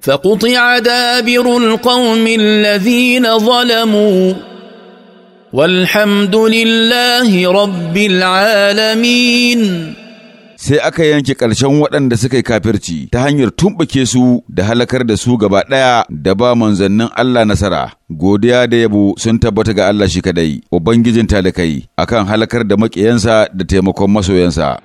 فقطع دابر القوم الذين ظلموا والحمد لله رب العالمين sai aka yanke ƙarshen waɗanda suka yi kafirci ta hanyar tumɓuke su da halakar da su gaba ɗaya da ba manzannin Allah nasara. Godiya da yabo sun tabbata ga Allah shi kadai, Ubangijin talikai, akan halakar da maƙiyansa da taimakon masoyansa.